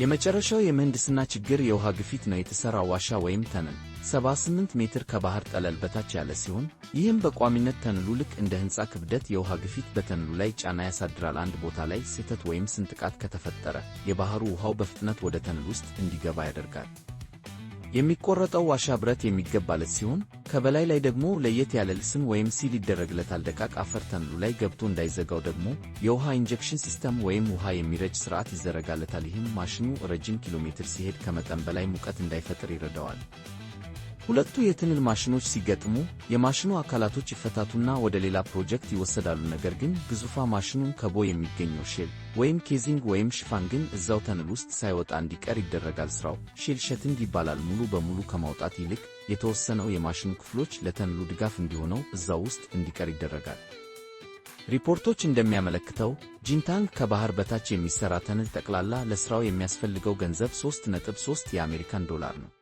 የመጨረሻው የምህንድስና ችግር የውሃ ግፊት ነው። የተሰራ ዋሻ ወይም ተነል 78 ሜትር ከባህር ጠለል በታች ያለ ሲሆን ይህም በቋሚነት ተነሉ ልክ እንደ ህንፃ ክብደት የውሃ ግፊት በተነሉ ላይ ጫና ያሳድራል። አንድ ቦታ ላይ ስህተት ወይም ስንጥቃት ከተፈጠረ የባህሩ ውሃው በፍጥነት ወደ ተነል ውስጥ እንዲገባ ያደርጋል። የሚቆረጠው ዋሻ ብረት የሚገባለት ሲሆን ከበላይ ላይ ደግሞ ለየት ያለ ልስን ወይም ሲል ይደረግለታል። ደቃቅ አፈር ተንሉ ላይ ገብቶ እንዳይዘጋው ደግሞ የውሃ ኢንጀክሽን ሲስተም ወይም ውሃ የሚረጭ ስርዓት ይዘረጋለታል። ይህም ማሽኑ ረጅም ኪሎ ሜትር ሲሄድ ከመጠን በላይ ሙቀት እንዳይፈጥር ይረዳዋል። ሁለቱ የትንል ማሽኖች ሲገጥሙ የማሽኑ አካላቶች ይፈታቱና ወደ ሌላ ፕሮጀክት ይወሰዳሉ። ነገር ግን ግዙፋ ማሽኑን ከቦ የሚገኘው ሼል ወይም ኬዚንግ ወይም ሽፋን ግን እዛው ተንል ውስጥ ሳይወጣ እንዲቀር ይደረጋል። ስራው ሼል ሸቲንግ ይባላል። ሙሉ በሙሉ ከማውጣት ይልቅ የተወሰነው የማሽኑ ክፍሎች ለተንሉ ድጋፍ እንዲሆነው እዛው ውስጥ እንዲቀር ይደረጋል። ሪፖርቶች እንደሚያመለክተው ጂንታንግ ከባህር በታች የሚሠራ ተንል ጠቅላላ ለሥራው የሚያስፈልገው ገንዘብ 3.3 የአሜሪካን ዶላር ነው።